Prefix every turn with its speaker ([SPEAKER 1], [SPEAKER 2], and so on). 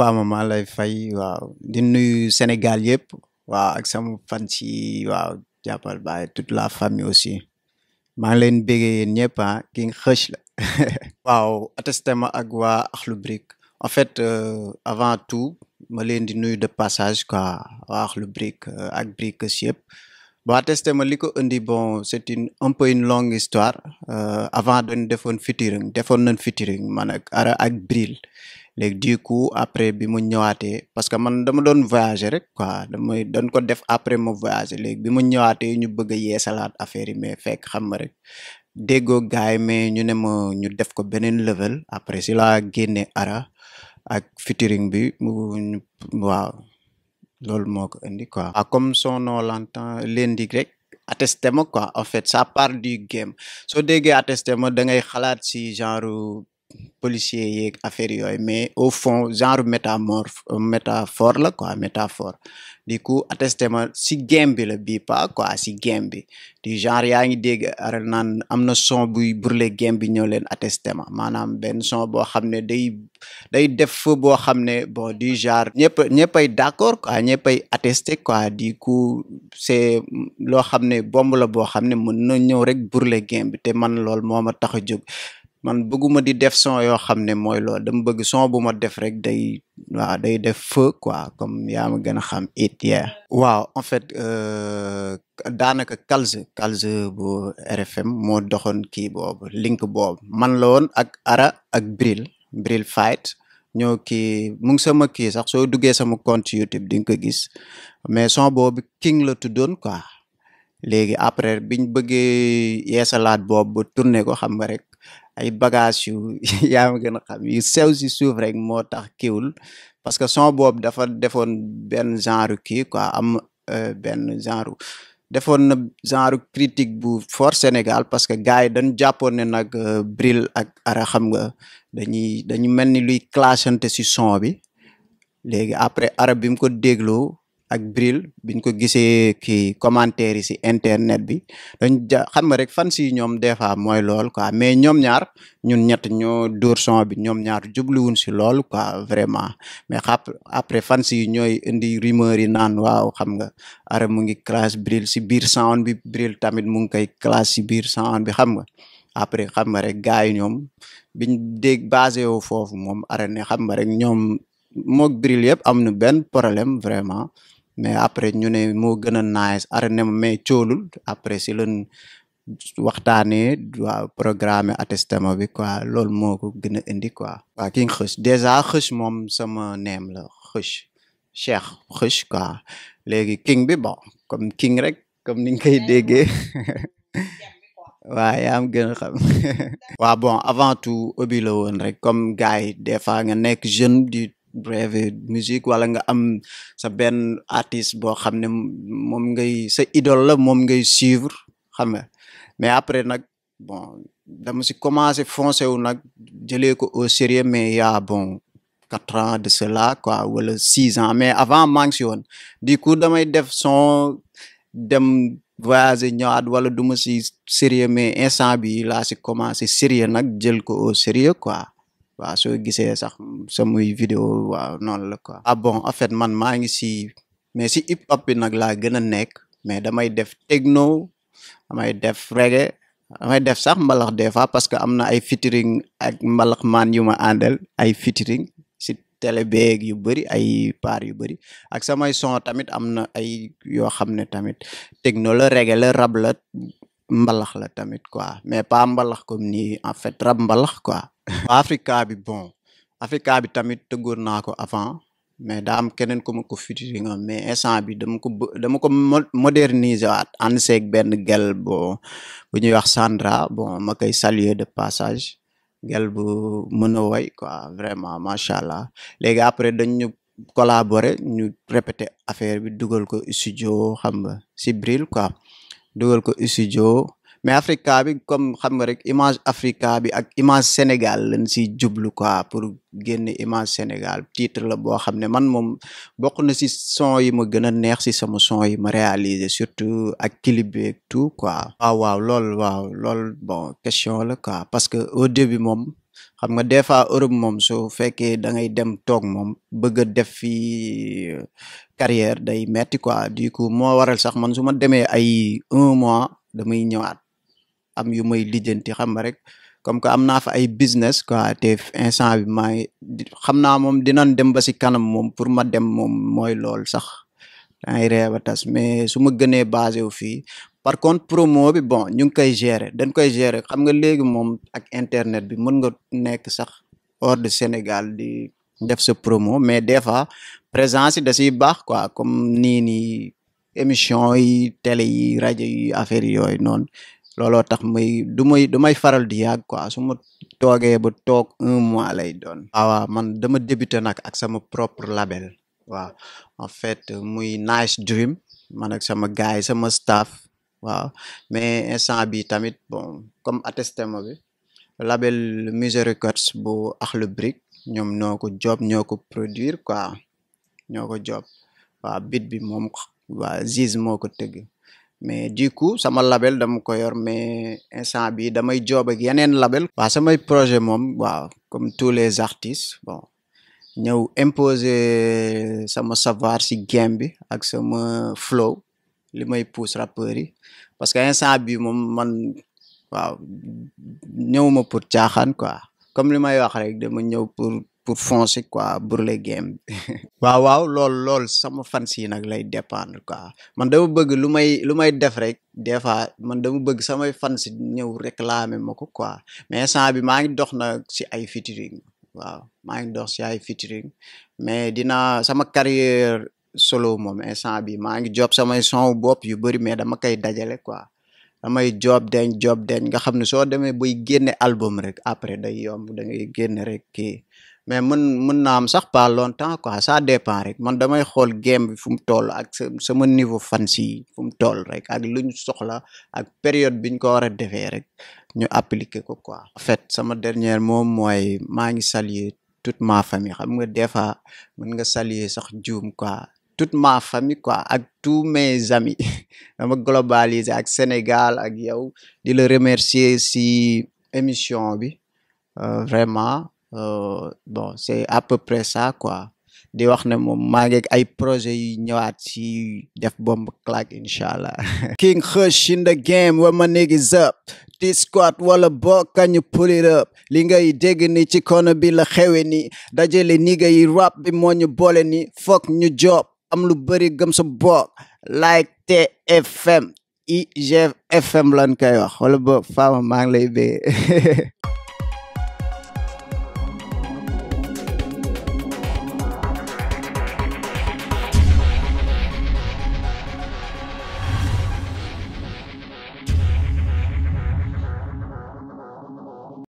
[SPEAKER 1] Fama maa lay fay waaw di nuyu Sénégal yëpp waaw ak sama fan si waaw jàppal baay toute la famille aussi maa ngi leen béggee ñëpp ah King Kheuch la waaw attesté ma ak waa Akhlou Brick en fait euh, avant tout ma leen di nuyu de passage quoi waa Akhlou Brick euh, ak Brick yëpp bon ma li ko indi bon c'est une un peu une longue histoire euh, avant dañ defoon featuring defoon nañ featuring man ara ak léegi du coup après bi mu ñëwaatee parce que man dama doon voyager rek quoi damay doon ko def après mo voyager léegi bi mu ñëwaatee ñu bëgg a yeesalaat affaire yi mais fekk xam ma rek déggoo gaay mais ñu ne ma ñu def ko beneen level après si laa génne ara ak featuring bi mu waaw loolu moo ko indi quoi. ah comme son nom l'entend leen di rek. attesté ma quoi en fait ça part du game soo déggee attesté ma da ngay xalaat si genre policier yeeg affaire yooy mais au fond genre métamorphe métaphore la ko quoi métaphore di coup attesté ma si game bi la bii pas si game bi du genre yaa ngi dégg naan am na son buy brûlé game bi ñëw leen attesté ma maanaam benn son boo xam ne day day def boo xam ne bon di genre ñëpp ñëppay d'accord quoi ñëppay attesté quoi di ku c'est loo xam ne bomb la boo xam ne mën na ñëw rek brûlé game bi te man lool moo ma tax a jóg man bëgguma di def son yoo xam ne mooy loolu dama bëgg son bu ma def rek day waaw day def feu quoi comme yaa gën a xam it yeah waaw en fait euh, daanaka Calze Calze bu RFM moo doxoon kii boobu link boobu man la woon ak Ara ak Bril Bril Fight ñoo kii mu ngi sama kii sax soo duggee sama compte YouTube di nga ko gis mais son boobu King la tuddoon quoi léegi après biñ bëggee yeesalaat boobu ba tourné ko xam nga rek ay bagage yu yaa ma gën sew si suuf rek moo tax kiwul parce que son boobu dafa defoon benn genre kii quoi am euh, benn genre defoon na genre critique bu fort Sénégal parce que gars yi dañu jàppoon ne nag euh, Bril ak Ara xam nga dañuy dañu mel ni luy clashante si son bi après Ara bi ko dégloo ak bril biñ ko gisee kii commentaire yi si internet bi dañ ja xam nga rek fan si ñoom des fois mooy lool quoi mais ñoom ñaar ñun ñett ñoo dóor son bi ñoom ñaar jubluwuñ si lool quoi vraiment mais xap après fan si ñooy indi rumeur yi naan waaw xam nga ara mu ngi classe bril si biir sound bi bril tamit mu ngi koy classe si biir sound bi xam nga après xam nga rek gars yi ñoom biñ dégg basé woo foofu moom ara ne xam nga rek ñoom moog bril yëpp am nu benn problème vraiment mais après ñu ne moo gën a nice arène mais coolul après si leen waxtaanee waaw programme attestement bi quoi lool moo ko gën a indi quoi. waa ki nga xës déjà xës moom sama neem la xës cheikh xës quoi léegi king bi bon comme king rek comme ni nga koy déggee waaw yaa xam. waa bon avant tout obi woon rek comme gars yi des fois nga nekk jeune di. breve musique wala nga am sa benn artiste boo xam ne moom ngay sa idole la moom ngay suivre xam nga mais après nag bon dama si commencé foncé wu nag jëlee ko au sérieux mais y a bon quatre ans de cela quoi wala six ans mais avant maa si woon di coup damay def son dem voyager ñëwaat wala du ma si sérieux mais instant bi laa si commencé sérieux nag jël ko au sérieux quoi waaw soo gisee sax samuy vidéo waaw noonu la quoi. ah bon en fait man maa ngi si mais si hip hop bi nag laa gën a nekk mais damay def techno may def reggae damay def sax mbalax des fois parce que am na ay featuring ak mbalax man yu ma àndal ay featuring si tele beeg yu bëri ay par yu bëri ak samay son tamit am na ay yoo xam ne tamit techno la reggae la rab la mbalax la tamit quoi mais pas mbalax comme nii en fait rab mbalax quoi. Africa bi bon. Africa bi tamit tëggoon naa ko avant mais daa am keneen ku ma ko futuré nga mais instant bi dama ko dama ko moderniser waat ànd benn gel bon bu ñuy wax Sandra bon ma koy saluer de passage gel bu mën a woy quoi vraiment macha allah léegi après dañ ñu collaborer ñu répété affaire bi dugal ko studio xam nga si quoi dugal ko studio mais Africa bi comme xam nga rek image Africa bi ak image Sénégal lañ si jublu quoi pour génn image Sénégal titre la boo xam ne man moom bokk na si son yi ma gën a neex si sama son yi ma réaliser surtout ak clip bi tout quoi. waaw waaw lool waaw lool bon question la quoi parce que au début moom. xam nga des fois Europe moom su fekkee da ngay dem toog moom bëgg a def fii euh, carrière day metti quoi du coup moo waral sax man su ma demee ay un mois damay ñëwaat am yu may lijjanti xam nga rek comme que am naa fa ay business quoi tef instant bi maa ngi xam naa moom dinañ dem ba si kanam moom pour ma dem moom mooy lool sax dangay tas mais su ma gënee basé wu fii par contre promo bi bon ñu ngi koy gérer dañ koy gérer xam nga léegi moom ak internet bi mën nga nekk sax hors de Sénégal di def sa promo mais des fois présence yi da siy baax quoi comme nii nii émission yi télé yi rajo yi affaire yooyu noonu looloo tax muy du may du may faral di yàgg quoi su ma toogee ba toog un mois lay doon. Ah waaw man dama débuté nag ak sama propre label. waaw en fait muy nice dream man ak sama gars yi sama staff. waaw mais instant bi tamit bon comme attesté ma bi label Musée Records bu Akhlou Brick ñoom ñoo ko job ñoo ko produire quoi ñoo ko job waaw bit bi moom waa Ziz moo ko tëgg mais du coup sama label dama ko yor mais instant bi damay joob ak yeneen label waaw samay projet moom waaw comme tous les artistes bon ñëw imposer sama savoir si game bi ak sama flow li may pousse yi parce que instant bi moom man waaw ñëwuma pour caaxaan quoi comme li may wax rek dama ñëw pour pour foncer quoi brûler game bi. waaw waaw lool lool sama fans yi nag lay dépendre quoi man dama bëgg lu may lu may def rek des fois man dama bëgg samay fans ñëw réclamer ma ko quoi mais instant bi maa ngi dox na si ay featuring waaw maa ngi dox si ay featuring mais dina sama carrière solo moom instant bi maa ngi job samay son bopp yu bëri mais dama koy dajale quoi. damay job deñ job deñ nga xam ne so demee buy génne album rek après day yomb da ngay génne rek mais mën mën naa am sax pas longtemps quoi ça dépend rek man damay xool game bi fu mu toll ak sama niveau fan si fu mu toll rek ak lu soxla ak période bi ñu ko war a defee rek ñu appliquer ko quoi. en fait sama dernière moom mooy maa ngi saluer toute ma famille xam nga des fois mën nga saluer sax juum quoi toute ma famille quoi ak tous mes amis dama globaliser ak Sénégal ak yow di la remercier si émission bi euh, vraiment. Euh, bon c'est à peu près ça quoi di wax ne moom maa ay projet yu ñëwaat si def bomb claque incha allah. King Khush in the game where my niggas up Discord wala boog kañ pull it up li ngay dégg ni ci kono bi la xewe ni dajale niga yi rap bi mooñ ñu boole ni foog ñu job am lu bëri gëm sa bopp like TFM IGFM lan kay wax wala boog fama maa lay bégee